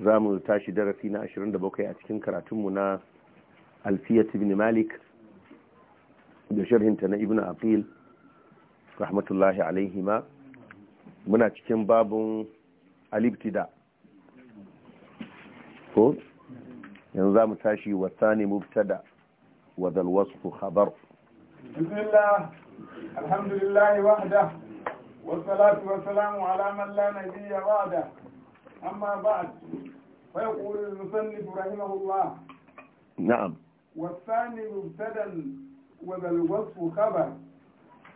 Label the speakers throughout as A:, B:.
A: za mu tashi darasi na 27 a cikin karatunmu na alfiyat ibn malik da sharhinta na ibn aqil rahmatullahi ma muna cikin babun alibtida ko yanzu za mu tashi wasani mubtada wa dalwasu khabar
B: bismillah alhamdulillah wahda والصلاة والسلام على من لا نبي wa'ada. أما بعد فيقول المصنف رحمه الله نعم والثاني مبتدا وذا الوصف خبر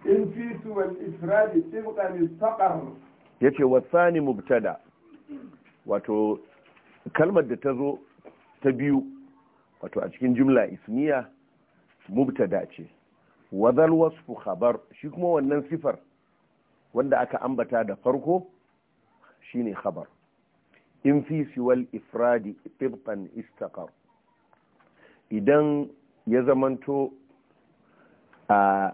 B: إن فيت والإفراد تبقى للتقر
A: يتي والثاني مبتدا وتو كلمة da تبيو zo ta biyu wato a cikin jumla ismiya mubtada ce wadal wasfu khabar shi kuma wannan sifar wanda aka ambata da farko shine khabar in fi siwal ifradi tibqan istaqar idan ya zamanto a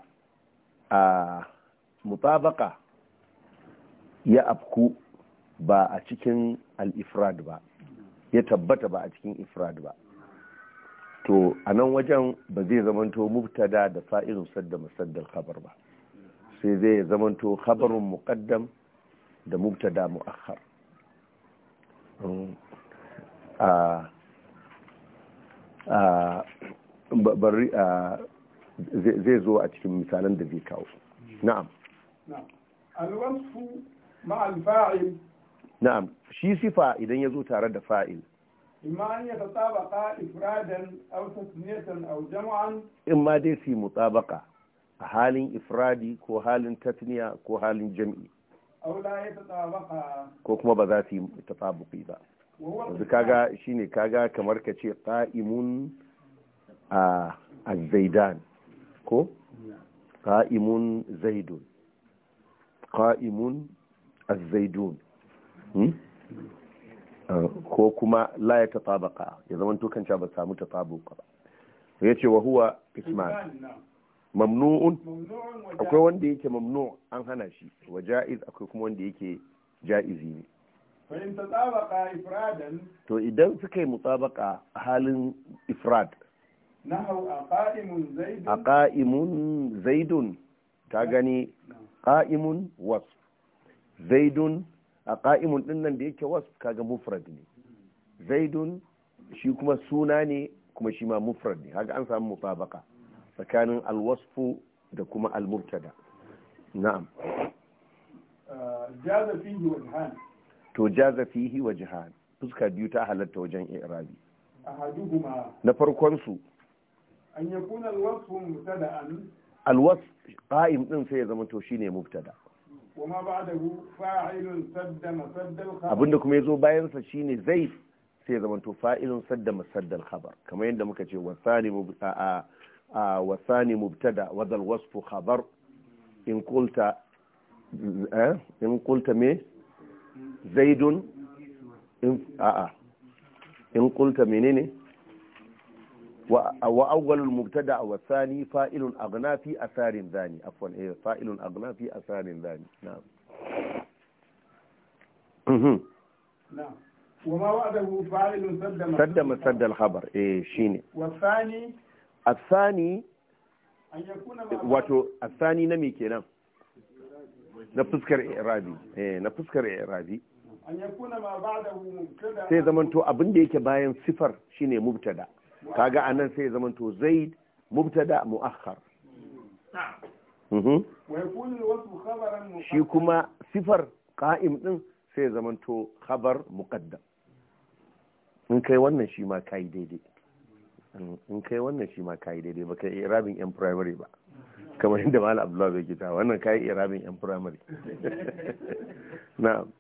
A: mutabaka ya afku ba a cikin al-ifrad ba ya tabbata ba a cikin ifrad ba to a nan wajen ba zai zamanto mubtada da fa’irin sadda musaddal khabar ba sai zai zamanto khabarun muqaddam da mubtada muakhar zai mm. ah. ah. ah, zo a cikin misalan da zai kawo na'am
B: alwansu ma'al fa'il
A: na'am shi sifa idan ya zo tare da fa'il
B: imma an yi tsabaka ifradan aw tasniyatan aw jam'an
A: imma dai fi mutabaka a halin ifradi ko halin tasniya ko halin jam'i ko kuma ba za su yi tafabuki ba yanzu kaga shine kaga kamar ka ce ƙa'imun a zaidan ko ƙa'imun zaidun Ƙa'imun a zaidun ko kuma la ya tatabaka ya zama tukanta ba samu tatabuka ba Ya ce wa huwa isman mamnu'un akwai wanda yake mamnu an hana shi wa ja'iz akwai kuma wanda yake ja'izi ne to idan suka yi mutsabaka halin ifrad a ƙa'imun zaidun ta gani ƙa'imun wasu zaidun a ƙa'imun ɗinnan da yake wasu kaga mufrad ne hmm. zaidun shi kuma suna ne kuma shi ma mufrad ne haka an samu mutsabaka tsakanin alwasfu da kuma almurtada na'am
B: jaza fihi wajhan
A: to jaza fihi wajhan fuska biyu ta halatta wajen i'rabi na farkon su
B: an yakuna alwasfu mubtada'an
A: alwasf qa'im din sai ya zama to shine mubtada
B: da ba'dahu fa'ilun sadda masaddal khabar abinda kuma
A: yazo bayan sa shine zai sai ya zama to fa'ilun sadda masaddal khabar kamar yadda muka ce wasani mubta'a آه، والثاني مبتدا وذا الوصف خبر إن قلت آه، إن قلت مي زيد إن آه, آه. إن قلت منين وأول المبتدا والثاني فائل أغنى في أثار ثاني عفوا إيه فائل أغنى في أثار ثاني نعم أمم. نعم
B: وما وعده فاعل سد
A: سد الخبر ايه شيني
B: والثاني
A: asani wato asani na me kenan na fuskar irabi na fuskar irabi sai zamanto abin da yake bayan sifar shine mubtada kaga anan sai zamanto zaid mubtada muakhar shi kuma sifar ƙa'im ɗin sai zamanto khabar muqaddam in kai wannan shi ma kai daidai in kai wannan shi ma kayi daidai ba kai rabin yan primary ba kamar inda mala abdullahi bai kita wannan kayi rabin yan primary na'am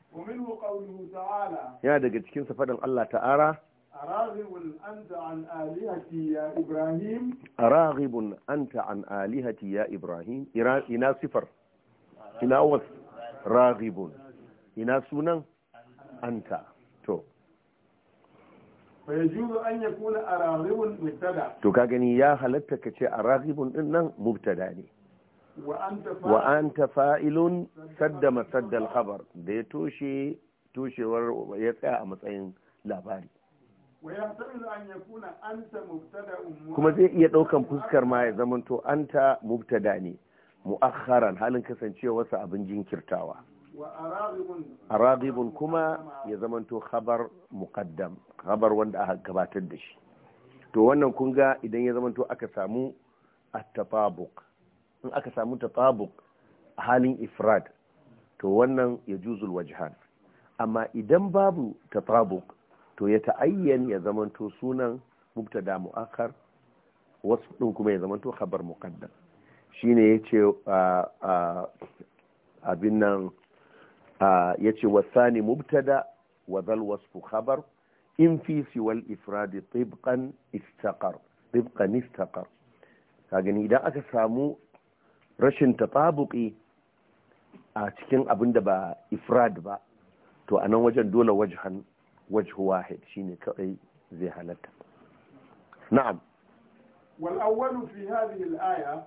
A: ya daga cikin sa faɗin Allah ta'ala
B: A ragibun an alihati ya ibrahim
A: araghibun anta an alihati ya ibrahim ina sifar ina wasu ragibun ina sunan an ta. to ka gani ya halatta ka ce a raghibun din nan mubtada ne wa ta fa'ilun sadda masaddal khabar da ya toshe toshewar ya tsaya a matsayin labari
B: kuma zai iya ɗaukan fuskar ma ya
A: zamanto anta mubtada ne mu'akharan halin kasancewa wasu abin jinkirtawa arabibun kuma ya zamanto khabar muqaddam khabar wanda aka gabatar da shi to wannan kun ga idan ya zamanto aka samu a tafabuk, in aka samu a halin ifrad to wannan ya juzul wajhan amma idan babu tafabuk to ya ta'ayyan ya zamanto sunan mubtada mu'akhar wasu ɗin kuma ya zamanto khabar muqaddam ya yace abin nan ya ce wasani mubtada wa zal wasfu khabar in fi siwal ifradi tibqan istaqar tibqan istaqar ka gani idan aka samu rashin tatabuqi a cikin abin da ba ifrad ba to a nan wajen dole wajhan wajhu wahid shine kawai zai halatta na'am wal
B: awwalu fi hadhihi al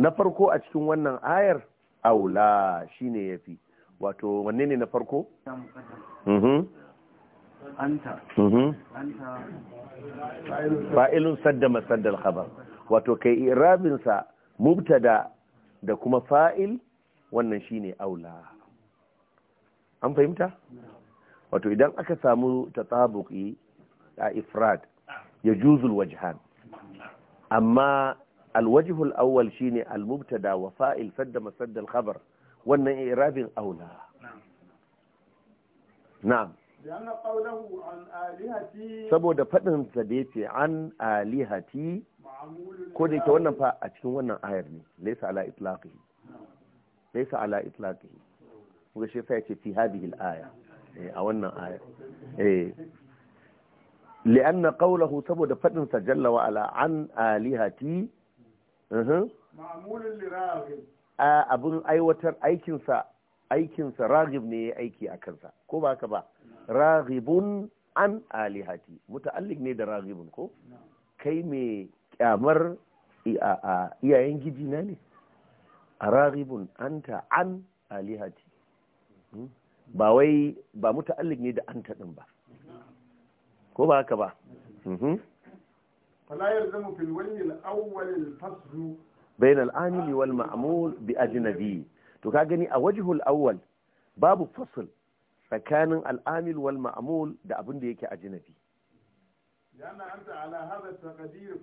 A: na farko a cikin wannan ayar aula shine yafi wato wanne ne na farko mm-hmm.
B: Mm-hmm.
A: fa'ilun sadda masaddal khabar wato kai irabinsa mubtada da kuma fa'il wannan shine aula an fahimta wato idan aka samu tatabuqi a ifrad ya juzul wajhan amma alwajhul awwal shine Al-Mubtada wa fa'il sadda masaddal khabar wannan irabin aula na'am saboda faɗin sa da yace an alihati ko da ke wannan fa a cikin wannan ayar ne laisa ala itlaqihi laisa ala itlaqihi kuma shi sai ce fi hadhihi al-aya eh, a wannan ayar eh لأن قوله سبب فتن جل وعلا عن آلهتي
B: معمول لراغب
A: abin aiwatar aikinsa aikinsa ragib ne ya aiki a kansa ko ba haka ba ragibun an alihati muta'alliq ne da ragibun ko kai mai kyamar iyayen gijina ne a an anta an alihati hmm? ba wai ba muta'alliq ne da ta din ba ko ba haka ba hmm.
B: fala yalzamu fil wajhi al-awwal al
A: bain al'amili wal ma'mul bi ajnabi to ka gani a wajhul awwal babu fasl tsakanin al'amil wal ma'mul da abin da yake ajnabi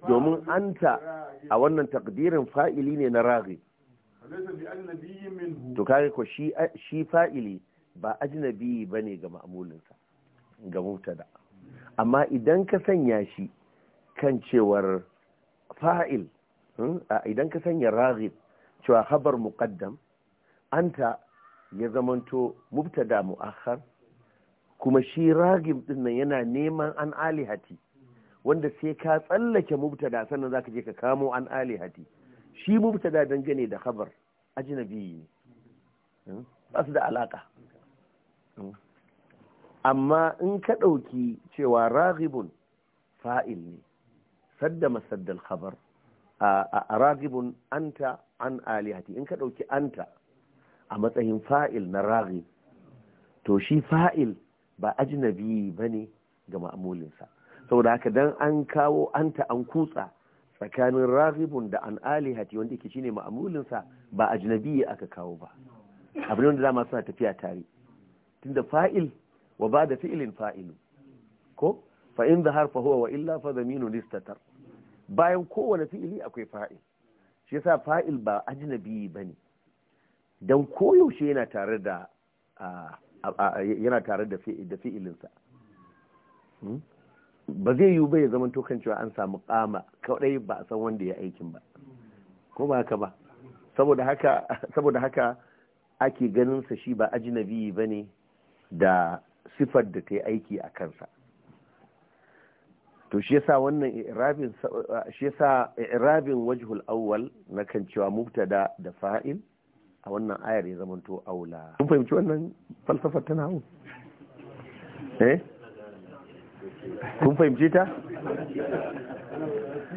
B: domin anta a wannan
A: takdirin fa'ili ne na raghi to kare ko shi fa'ili ba ajnabi ba ne ga ma'amulinsa ga mutada amma idan ka sanya shi kan cewar fa'il Hmm? idan ka sanya raghib cewa habar muqaddam anta ya zamanto mubtada mu'akhar kuma shi raghib din nan yana neman an alihati wanda sai ka tsallake mubtada sannan zaka je ka kamo an alihati shi mubtada dangane da habar ajnabi ne hmm? ba su da alaka hmm? amma in ka ɗauki cewa ragibun fa'il ne sadda masaddal khabar a ragibun anta an alihati in ka ɗauki anta a matsayin fa'il na rari, to shi fa'il ba ajinabi ba ne ga ma'amulinsa saboda haka don an kawo anta an kutsa tsakanin ragibun da an alihati wanda shi shine ma'amulinsa ba ajnabi aka kawo ba abin wanda dama suna tafiya tare tunda fa'il wa ba da fi'ilin fa'ilu ko fa in harfa huwa wa illa fa zaminu listatar bayan kowane fi'ili akwai fa'il shi yasa fa'il ba ajnabi bane dan koyaushe yana tare da yana tare da fi'ilinsa hmm? ba zai yiwu ba ya zama tokan cewa an samu kama kawai ba a san wanda ya aikin ba ko ba haka ba saboda haka ake ganinsa shi ba ajnabi bane da sifar da ta yi aiki a kansa to shi yasa wannan i'rabin shi yasa i'rabin wajhul awwal na kan cewa mubtada da fa'il a wannan ayar ya to aula kun fahimci wannan falsafar ta nawo eh kun fahimci ta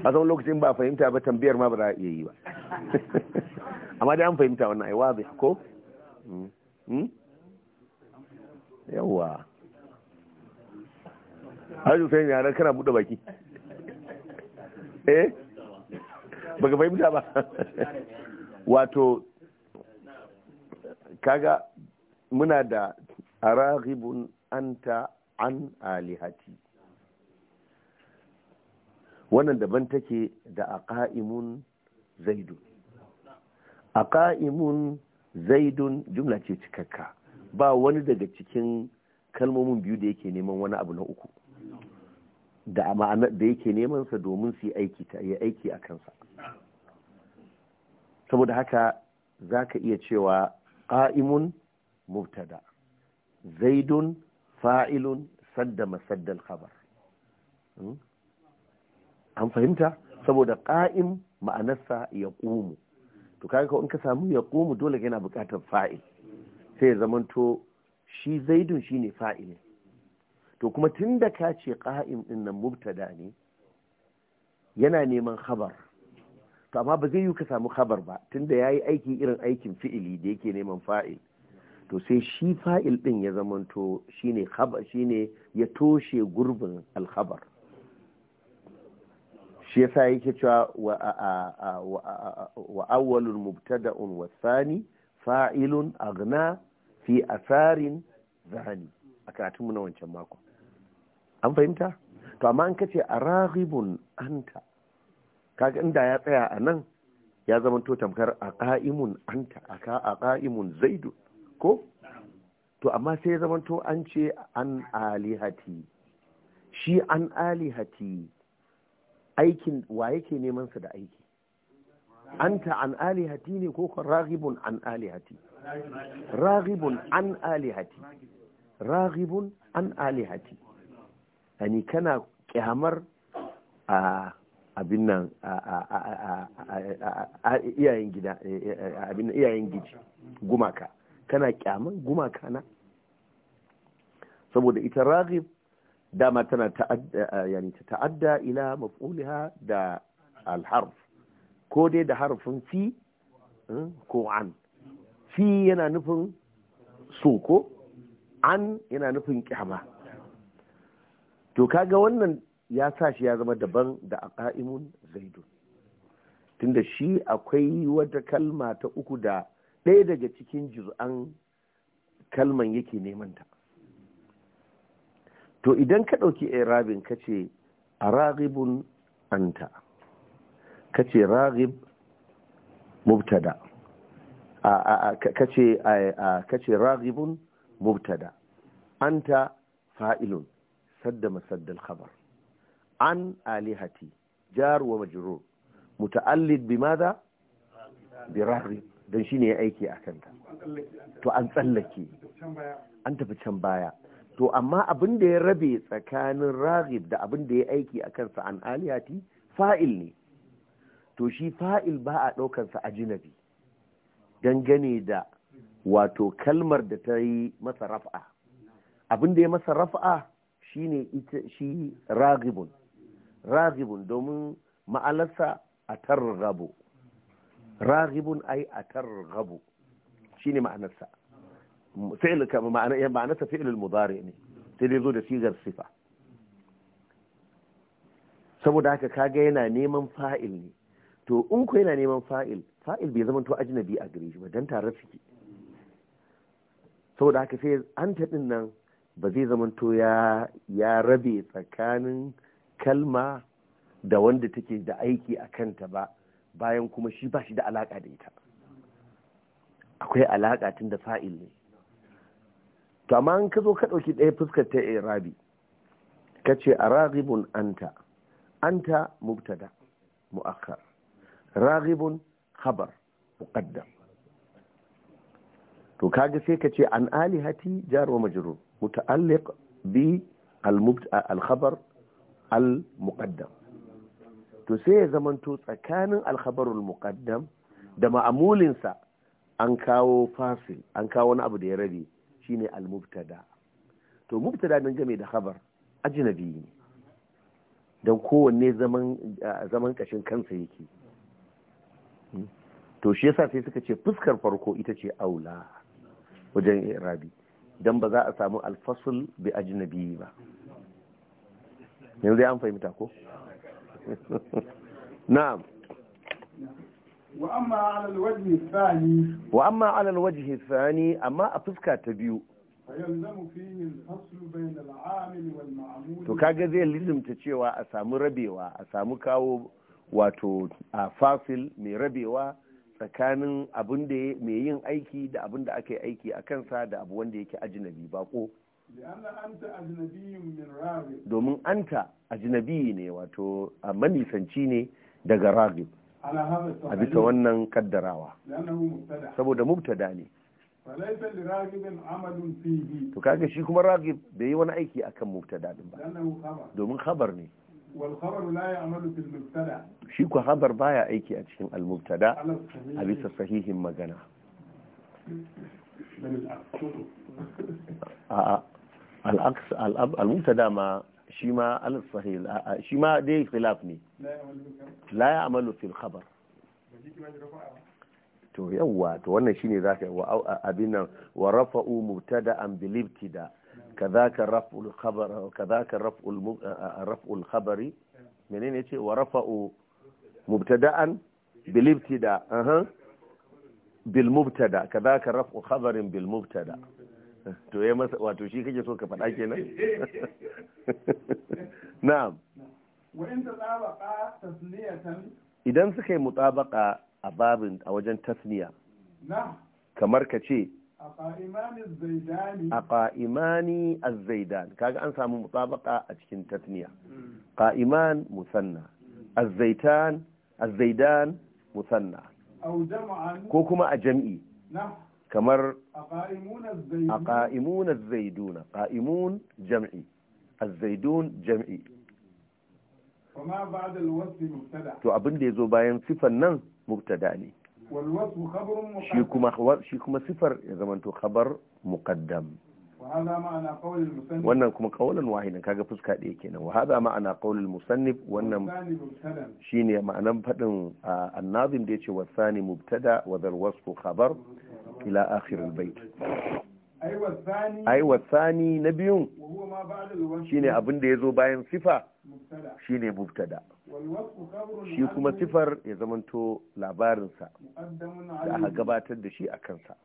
A: a zaun lokacin ba fahimta ba tambayar ma ba za a iya yi ba amma dai an fahimta wannan ai wazi ko hmm? Hmm? yawwa hajji sai yaran kana buɗe baki eh baka fahimta ba wato kaga muna da an anta an alihati wannan daban take da aqaimun zaidun aqaimun zaidun jumla ce cikakka ba wani daga cikin kalmomin biyu da yake neman wani abu na uku da ma'anar da yake neman sa domin su aiki ta yi aiki a kansa saboda haka za ka iya cewa ƙa'imun mubtada zaidun fa'ilun sadda masaddal khabar hmm? an fahimta saboda ƙa'im ma'anarsa ya ƙumu to kaga ko in ka samu ya ƙumu dole yana buƙatar fa'il sai ya zamanto shi zaidun shine fa'ilin to kuma tun da ka ce ƙa'im ɗin nan mubtada ne yana neman habar to amma ba zai yi ka samu habar ba tun da ya yi aiki irin aikin fi'ili da yake neman fa'il to sai shi fa'il ɗin ya zamanto shi ne ya toshe gurbin alhabar shi ya yasa yake cewa wa awwalul mubtada'un wa thani fa'ilun aghna fi asarin zani a karatunmu na wancan makon an fahimta to amma an kace a raghibun anta kaga inda ya tsaya a nan ya zama to tamkar a ka'imun anta a ka'imun zaidu ko to amma sai ya zama to an ce an alihati shi an alihati aikin wa yake neman sa da aiki anta an alihati ne ko ragibun an alihati ragibun an alihati ragibun an alihati yani kana kyamar a abin nan a iyayen gida iyayen giji gumaka kana kyaman gumaka na saboda ita raghib dama tana ta'adda ta ta'adda ila maf'uliha da alharf ko dai da harfin fi hmm, ko an fi yana nufin so ko an yana nufin kyama to kaga wannan ya sa shi ya zama daban da a ka'imun zaidun tunda shi akwai wata kalma ta uku da ɗaya daga cikin juz'an kalman yake neman ta to idan ka ɗauki irabin ka ce a ragibun anta ka ce ragib mubtada ka ce ragibun mubtada anta fa'ilun sadda masaddal khabar an alihati jar wa majrur muta'allid bi madha bi rahri dan ya aiki akan ta to an tsallake an tafi can baya to amma abin da ya rabe tsakanin raghib da abin da ya aiki akan sa an alihati fa'il ne to shi fa'il ba a daukar sa ajnabi dangane da wato kalmar da ta yi masa raf'a abin da ya masa raf'a shine shi ragibun ragibun domin ma'alarsa a targhabu ragibun ai a targhabu shine ma'anarsa fi'il kama ma'anarsa fi'il mudari ne sai dai zo da sigar sifa saboda haka kaga yana neman fa'il ne to in ku yana neman fa'il fa'il bai zama to ajnabi a gare shi ba dan tare suke saboda haka sai an din nan ba zai zamanto ya rabe tsakanin kalma da wanda take da aiki a kanta ba bayan kuma shi ba shi da alaƙa da ita akwai alaƙa tun da fa'il ne to amma in ka zo ka ɗauki ɗaya fuskar ta irabi ka ce a ragibun anta anta mubtada mu'akkar ragibun khabar muqaddam to kaga sai ka ce an alihati jar wa متعلق بالخبر al'mukaddam to sai ya zamanto tsakanin alkhabarul muqaddam da ma'amulinsa an kawo fasil an kawo wani abu da ya rabe shine al-mubtada to mubtada dan game da khabar ajnabi ne dan kowanne zaman zaman kashin kansa yake to shi yasa sai suka ce fuskar farko ita ce aula wajen Rabi. don ba za a samu alfasul bi ajnabi ba yanzu an fahimta ko na'am wa amma ala alwajhi Wa amma a fuska ta biyu to kaga zai lizimta cewa a samu rabewa a samu kawo wato a fasil mai rabewa tsakanin abin da mai yin aiki da abin da aka yi aiki a kansa da abu wanda yake ajinabi bako domin anta ajinabi ne wato a manisanci ne daga ragib
B: a bisa wannan
A: kaddarawa saboda mubtada ne to kaga shi kuma ragib bai yi wani aiki akan mubtada din ba domin khabar ne shi ku habar baya aiki a cikin al-mubtada a bisa sahihin magana al-mubtada ma shi ma al-sahih shi ma dai khilaf ne la ya'malu fil khabar to yawwa to wannan shine zaka wa abin nan wa rafa'u mubtada'an bil ibtida' كذاك رفع الخبر كذاك رفع رفع الخبر منين يجي ورفع مبتدا بالابتداء اها بالمبتدا كذاك رفع خبر بالمبتدا to ya masa wato shi kake so ka faɗa kenan na'am
B: wa inda tsabaka tasniyatan
A: idan suka yi mutabaka a babin a wajen tasniya kamar ka ce
B: a
A: ƙa'imani azzaidan kaga an samu mutabaka a cikin tasniya ƙa'iman musanna azzaitan azzaidan musanna ko kuma a jam'i kamar
B: a
A: ƙa'imun azzaiduna ƙa'imun jam'i azzaidun jam'i to abin da ya zo bayan sifan nan mubtada ne shi kuma shi kuma sifar ya zamanto khabar muqaddam wannan kuma kawalan wahidan kaga fuska ɗaya kenan wa hada ma'ana qaulul musannif wannan shine ma'anan fadin annazim da yace wasani mubtada wa dal wasfu khabar ila akhir al bait ai wasani na biyun shine abin da yazo bayan sifa shi ne mubtada
B: shi kuma sifar
A: ya zamanto labarinsa
B: da aka gabatar
A: da shi a kansa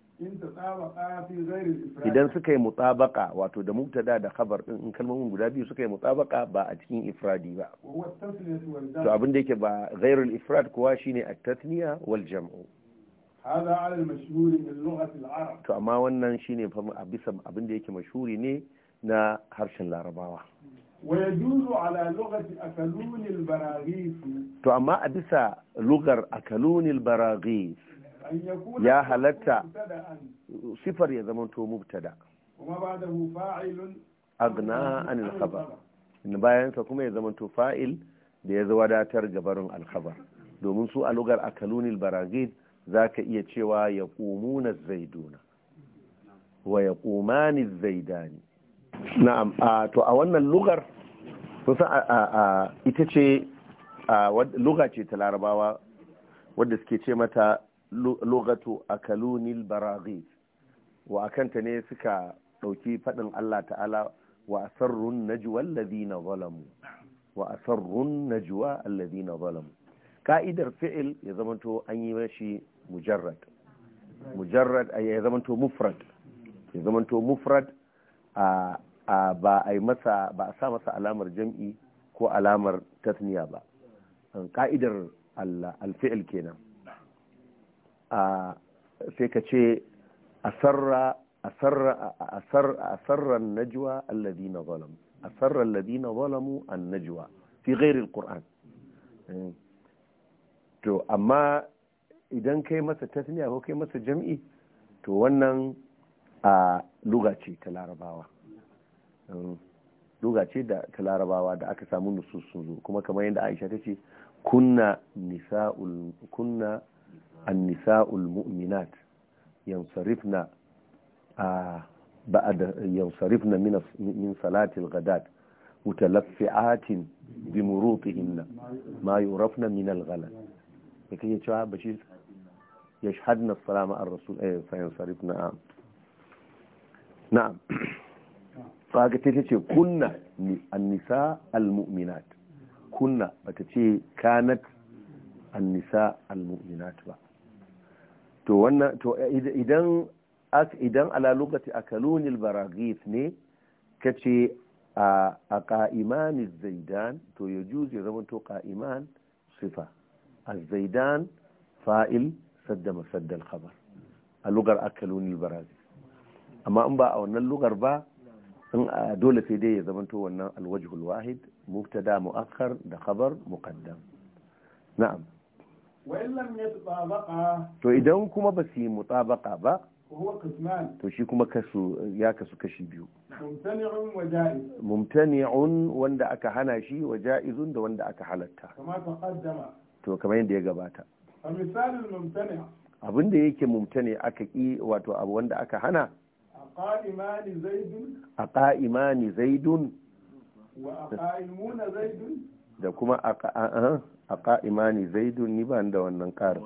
A: idan suka yi mutsabaka wato da mubtada da khabar din in kalmomin guda biyu suka yi mutsabaka ba a cikin ifradi ba to abin da yake ba ghairul ifrad kuwa shine at-tathniya wal jam'u to amma wannan shine a bisa abin da yake mashhuri ne na harshen larabawa to amma a bisa lugar akalunil baragis ya halatta sifar ya zama to mubtada agna anil bayansa kuma ya zama to fa'il da ya wadatar gabar alkhabar domin su a lugar akalunil baragid za ka iya cewa ya ƙumunar zaiduna wa ya ƙumanin zaidani na'am to a wannan lugar kusa ita ce luga ce ta larabawa wadda suke ce mata lugatu akalunil baraghi wa akanta ne suka ɗauki faɗin Allah ta'ala wa asarrun najwa alladhina zalamu wa asarrun najwa alladhina zalamu ka'idar fi'il ya zamanto an yi mashi mujarrad mujarrad ya zamanto mufrad ya zamanto mufrad a ba a masa ba a sa masa alamar jam'i ko alamar tasniya ba ka'idar alfi'il kenan sai ka ce asarra asarran najwa alladhina zalamu asarra alladhina zalamu an Najuwa, fi ghairi Kur'an. Eh. to amma idan kai masa tasniya ko kai masa jam'i to wannan a luga ce ta larabawa luga ce da ta larabawa da aka samu nusus sun zo kuma kamar yadda aisha ta ce kunna nisa'ul nisa ulmuminat, mu'minat yansarifna a ba'da yansarifna min wuta salatil ghadat mutalaffi'atin bi murutihinna ma yurafna min al-ghalat yake cewa ya yashhadna as-salama ar-rasul eh fa yansarifna na'am faga ka ta ce kunna annisa almu'minat kunna ba ce kanat annisa almu'minat ba to wannan to idan as idan ala lokaci al baragis ne kace a qa'iman zaidan to yajuzu ya to qa'iman sifa az-zaidan fa'il sadda masadda al-khabar a lugar al baragis amma in ba a wannan lugar ba sun a dole sai dai ya zamanto wannan alwajhul wahid mubtada mu'akkar da khabar muqaddam na'am
B: wa illam yatabaqa
A: to idan kuma ba su mutabaqa ba to shi kuma kasu ya kasu kashi biyu mumtani'un wanda aka hana shi wa ja'izun da wanda aka halatta to kamar yadda ya gabata
B: A misalin
A: abin da yake mumtani aka ki wato abu wanda aka hana
B: a
A: ƙa'imani zaidun da kuma a ƙa'imani zaidun ni ba da wannan ƙarin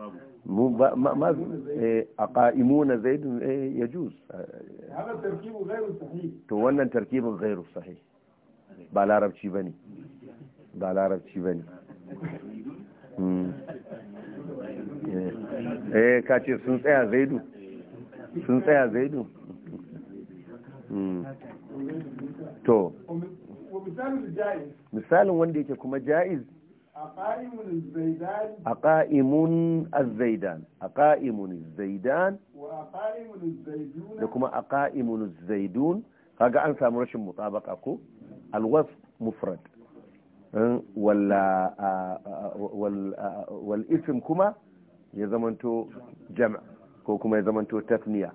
A: a ƙa'imuna zaidun ya juz to wannan tarkibin gairu sahi ba larabci ba ne ba larabci ba ne hmm. eh, eh ka ce sun tsaya zaidu sun tsaya zaidu Hmm. to misalin wanda yake kuma ja'iz a ƙa'imun zaidan a ƙa'imun zaidan da kuma a ƙa'imun zaidun kaga an samu rashin mutabaka ko alwas mufrad hmm. wal uh, uh, uh, isim kuma ya zamanto jama' ko kuma ya zamanto tasniya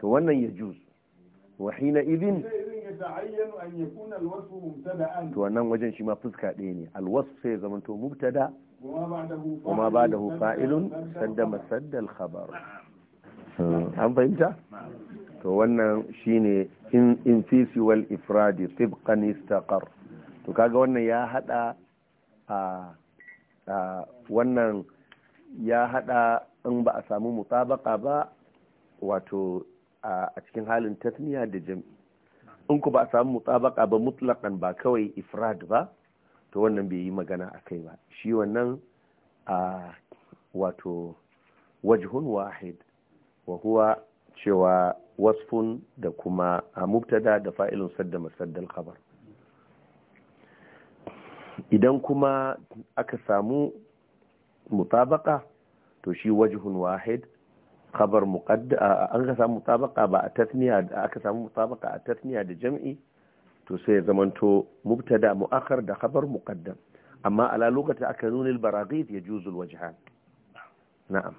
A: to wannan ya juz wahina izin to wannan wajen shi fuska ɗaya ne alwasu sai zama to
B: kuma ba da fa'ilun sadda
A: masaddal khabar an fahimta to wannan shine in in fisi wal ifradi tibqan istaqar to kaga wannan ya hada wannan ya hada in ba a samu mutabaka ba wato a cikin halin tasniya da jam'i in ku ba a samu mutabaka ba mutlakan ba kawai ifrad ba to wannan bai yi magana a kai ba shi wannan a wato wajhun wahid wa huwa cewa wasfun da kuma a mubtada da fa'ilun sadda masaddal khabar idan kuma aka samu mutabaka to shi wajhun wahid khabar muqadda an ka samu mutabaka ba a tasniya aka samu mutabaka a tasniya da jam'i to sai ya zamanto mubtada muakhar da khabar muqaddam amma ala lokacin aka nuna al-baraghid yajuzu juzul wajhan na'am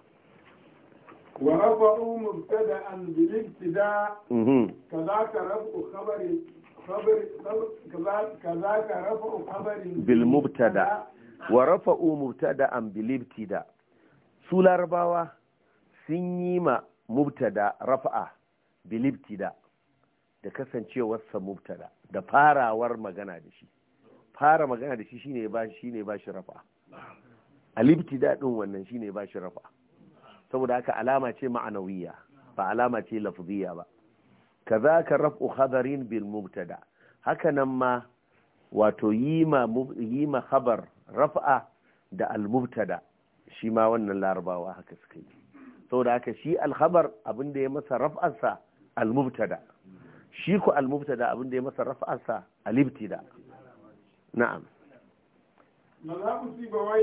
B: ورفعوا مبتدا بالابتداء كذاك رفع خبر خبر كذاك رفع خبر بالمبتدا
A: ورفعوا مبتدا بالابتداء su larabawa sun yi ma mubtada rafa'a bilibtida da kasancewarsa mubtada da farawar magana da shi fara magana da shi shine ba ba shi rafa'a alibtida din wannan shine ba shi rafa'a saboda haka alama ce ma'anawiya ba alama ce lafziya ba kazaka raf'u hadarin bil mubtada haka nan ma wato yi ma habar khabar rafa'a da al mubtada shi ma wannan larabawa haka suka yi saboda haka shi alhabar abin da ya masa raf'arsa almubtada shi ku almubtada abin da ya masa raf'arsa alibtida na'am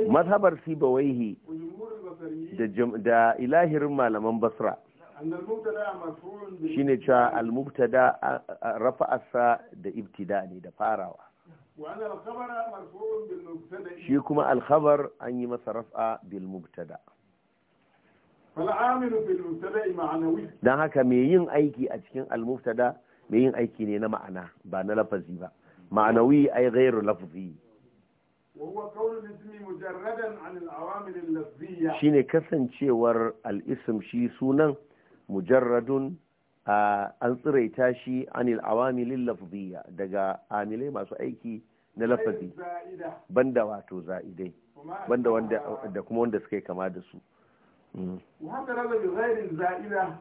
A: mazhabar sibawaihi da ilahirin malaman basra shine cewa almubtada raf'arsa da ibtida ne da farawa shi kuma alkhabar an yi masa raf'a bil mubtada don haka mai yin aiki a cikin almuftada mai yin aiki ne na ma'ana ba na lafazi ba ma'anawi ai ghairu lafzi shi ne kasancewar al'isim shi sunan mujarradun an tsiraita shi anil awamilin lafziya daga amilai masu aiki na lafazi banda wato za'idai banda wanda da kuma wanda suka kama da su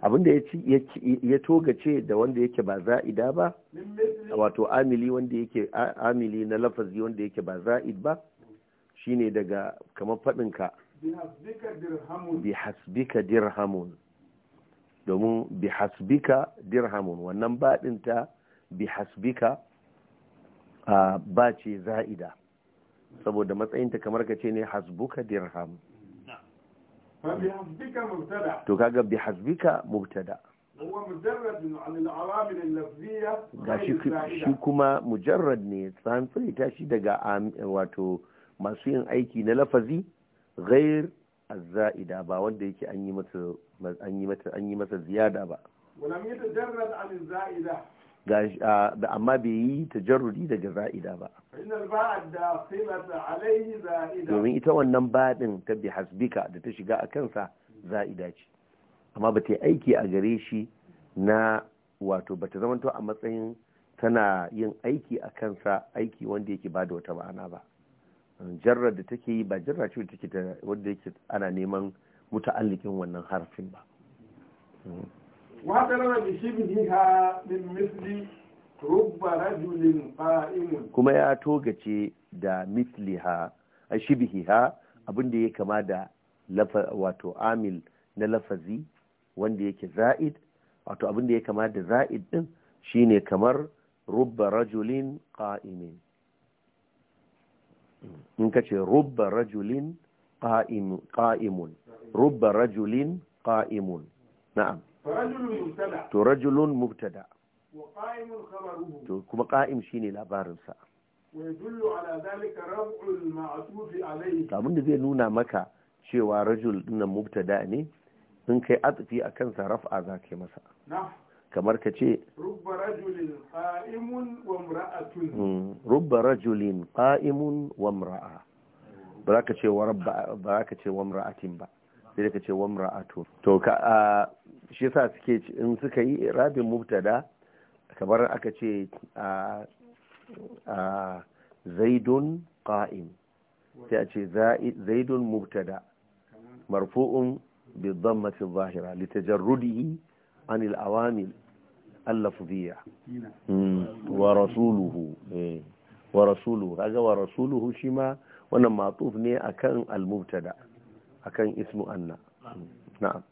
A: abinda ya togace da wanda yake ba za'ida ba wato amili wanda yake amili na lafazi wanda yake ba za'id ba shine daga kamar faɗinka bi hasbika dirhamun domin bi hasbika dirhamun wannan baɗinta bi hasbika ba ce za'ida saboda matsayinta kamar ka ce ne hasbuka dirhamun. to kaga bi hasbika mubtada
B: ga shi kuma
A: mujarrad ne tsantsai ta shi daga wato masu yin aiki na lafazi ghair zaida ba wanda yake an yi an yi an yi masa ziyada ba amma bai yi ta jarruri daga za'ida ba domin ita wannan baɗin ta bi hasbika da ta shiga a kansa za'ida ce amma ba ta yi aiki a gare shi na wato ba ta zamanto a matsayin tana yin aiki a kansa aiki wanda yake ba da wata ma'ana ba jarrar da take yi ba jarra ce wanda yake ana neman muta'allikin wannan harafin ba hmm.
B: وقرر بشبهها من مثل رب رجل قائم
A: كما يا توغتي دا مثلها شبهها abin da ya kama da wato amil na lafazi wanda yake za'id wato abin da ya kama da za'id din shine kamar rubba rajulin qa'imin in ka ce rubba rajulin qa'imun rubba rajulin qa'imun na'am to rajulun mubtada to kuma ƙa'im shine labarinsa Kamun da zai nuna maka cewa rajul dinnan mubtada ne in kai atfi a kansa raf'a za ka yi masa kamar ka ce
B: rubba rajulin ƙa'imun wa mm,
A: mura'a ba za ka ce wa mura'atin ba sai da ka ce wa mra'atun to ka shi yasa suke in suka yi rabin mubtada kamar aka ce a zaidun qa'im sai a ce zaidun mubtada marfu'un bi dhammati zahira li tajarrudihi an al awamil hmm, wa rasuluhu eh, wa rasuluhu kaga wa rasuluhu shi ma wannan matuf ne akan al mubtada akan ismu anna hmm, na'am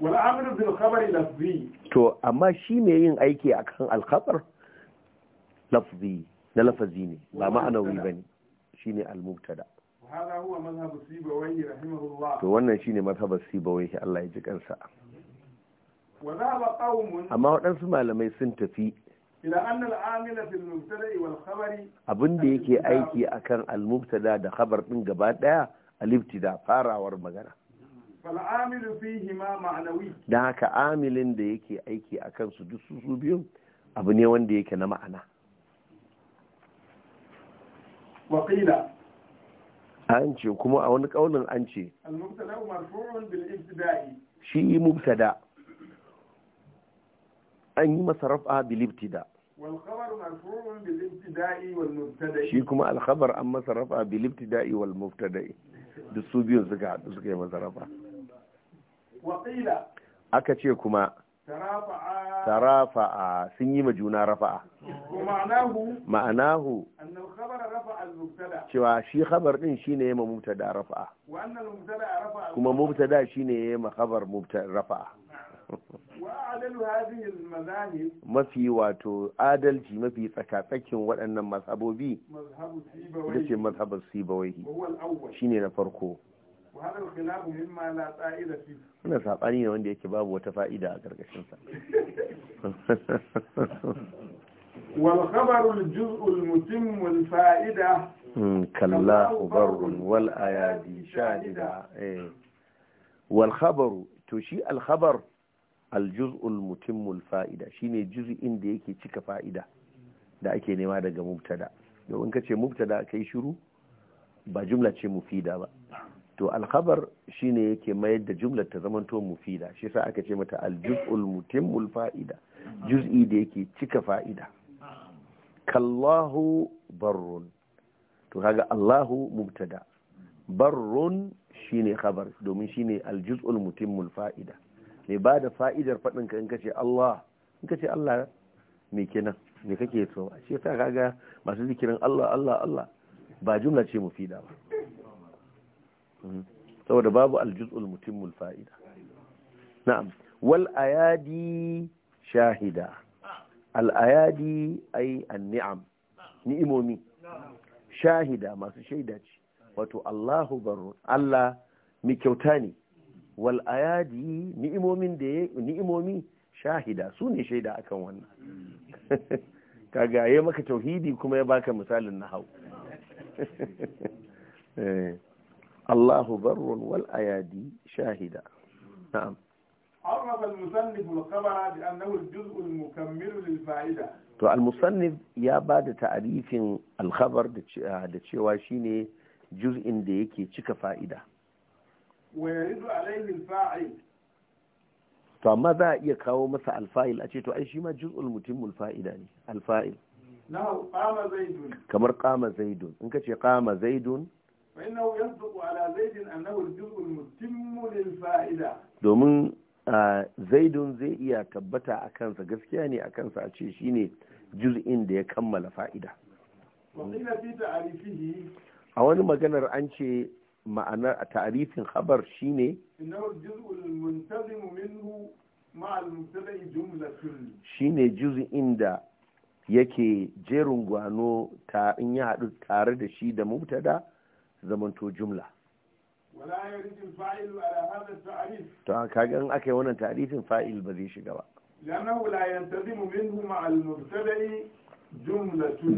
B: wal amru bil khabari lafzi
A: to amma shi ne yin aiki akan al khabar lafzi na lafazi ne ba ma'anawi bane shine al mubtada
B: هذا هو مذهب السيبويه رحمه to
A: wannan shine mazhabar sibawaihi Allah ya ji kansa
B: wa dhahaba qaumun amma
A: waɗansu malamai sun tafi
B: ila anna al-amila fil wal khabari
A: abinda yake aiki akan al-mubtada da khabar din gaba daya al-ibtida farawar magana don haka amilin da yake aiki a kansu duk su biyu abu ne wanda yake na ma'ana wakila an ce kuma a wani ƙaunin an ce shi yi mubtada an yi masa rafa bilibtida
B: shi kuma alkhabar
A: an masa rafa bilibtida'i wal mubtada'i duk su biyun suka haɗu suka yi masa rafa aka ce kuma tarafa'a sun yi ma juna rafa'a ma'anahu cewa shi khabar din shi ya ma mubtada rafa'a kuma mubtada shi ya ma khabar rafa'a mafi wato adalci mafi tsakatsakin waɗannan mazhabobi da ce mazhabar sibawai shi ne na farko
B: وهذا الخلاف مما لا قائد فيه
A: هنا ساباني ne wanda yake babu wata fa'ida a karkashin sa wal
B: khabar al juz' wal fa'ida
A: hmm, kalla khabar wal ayadi shahida eh wal khabar to shi al khabar al juz' al mutim al fa'ida shine juz'in da yake cika fa'ida da ake nema daga mubtada ka ce mubtada kai shiru ba jumla ce mufida ba to alkhabar shine yake mayar da jumlar ta to mufida shi sa aka ce mata aljuz'ul mutimmul fa'ida juz'i da yake cika fa'ida kallahu barrun to kaga allahu mubtada barrun shine khabar domin shine aljuz'ul mutimmul fa'ida ne ba da fa'idar faɗin ka in ka ce Allah in ka ce Allah me kenan me kake so shi sa kaga masu zikirin Allah Allah Allah ba jumla ce mufida ba Mhm. saboda babu aljuz'ul mutimmul fa'ida na'am wal ayadi shahida al ayadi ay ni'imomi shahida masu shaida ce wato Allahu barru Allah mi kyauta ne wal ayadi ni'imomin da ni'imomi shahida su ne shaida akan wannan kaga maka tauhidi kuma ya baka misalin nahau eh الله بر ayadi شاهدا نعم
B: عرف المصنف الخبر بأنه الجزء المكمل للفائدة
A: to al-musannif ya ba da ta'arifin alkhabar ah, da cewa shine juz'in da yake cika fa'ida to amma za a iya kawo masa alfa'il a ce to ai shi ma juz'ul fa'ida ne alfa'il kamar kama zaidun in ka ce kama zaidun domin يصدق zaidun zai iya tabbata a kansa gaskiya ne a kansa a ce shi ne juz'in da ya kammala fa'ida a wani maganar an ce ma'anar a tarifin habar shi ne shi ne juz'in da yake jerin gwano ta in ya haɗu tare da shi da mutada zamanto jumla to an kage an aka yi wannan ta’arifin fa'il ba zai shiga ba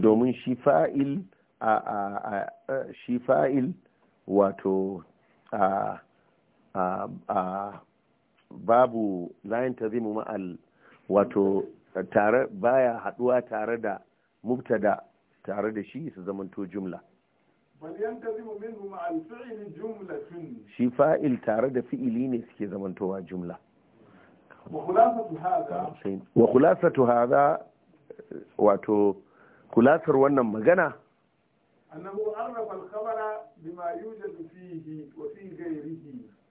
A: domin shi fa'il a shi fa'il wato a babu layin ta ma'al wato tare baya haduwa tare da mubtada tare da shi su zamanto jumla shi fa'il tare da fi'ili ne suke zamantowa jumla wa tu haza wato kulasar wannan magana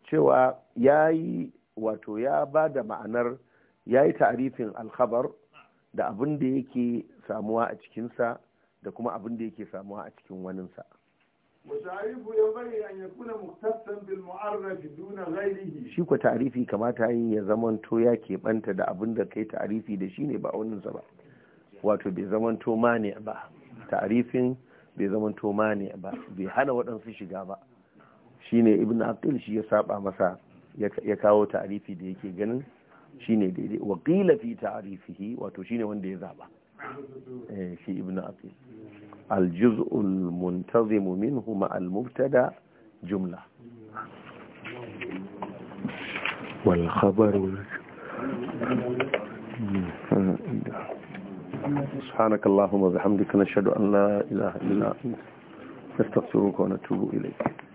A: cewa ya yi wato ya ba da ma'anar ya yi tarifin alkhabar da abin da yake samuwa a cikinsa da kuma abin da yake samuwa a cikin waninsa.
B: وتعريف ينبغي أن يكون مختصا بالمعرف دون غيره shi
A: ko ta'rifi kamata yin ya zamanto ya banta da abin da kai ta'rifi da shi ne ba ba wato bai zamanto mani ba ta'rifin bai zamanto mani ba bai hana waɗansu shiga ba shine ibn aqil shi ya saba masa ya kawo ta'rifi da yake ganin shine daidai wa fi ta'rifihi wato shine wanda ya zaba eh, shi ibn aqil الجزء المنتظم منه مع المبتدا جملة والخبر سبحانك اللهم وبحمدك نشهد أن لا إله إلا أنت نستغفرك ونتوب إليك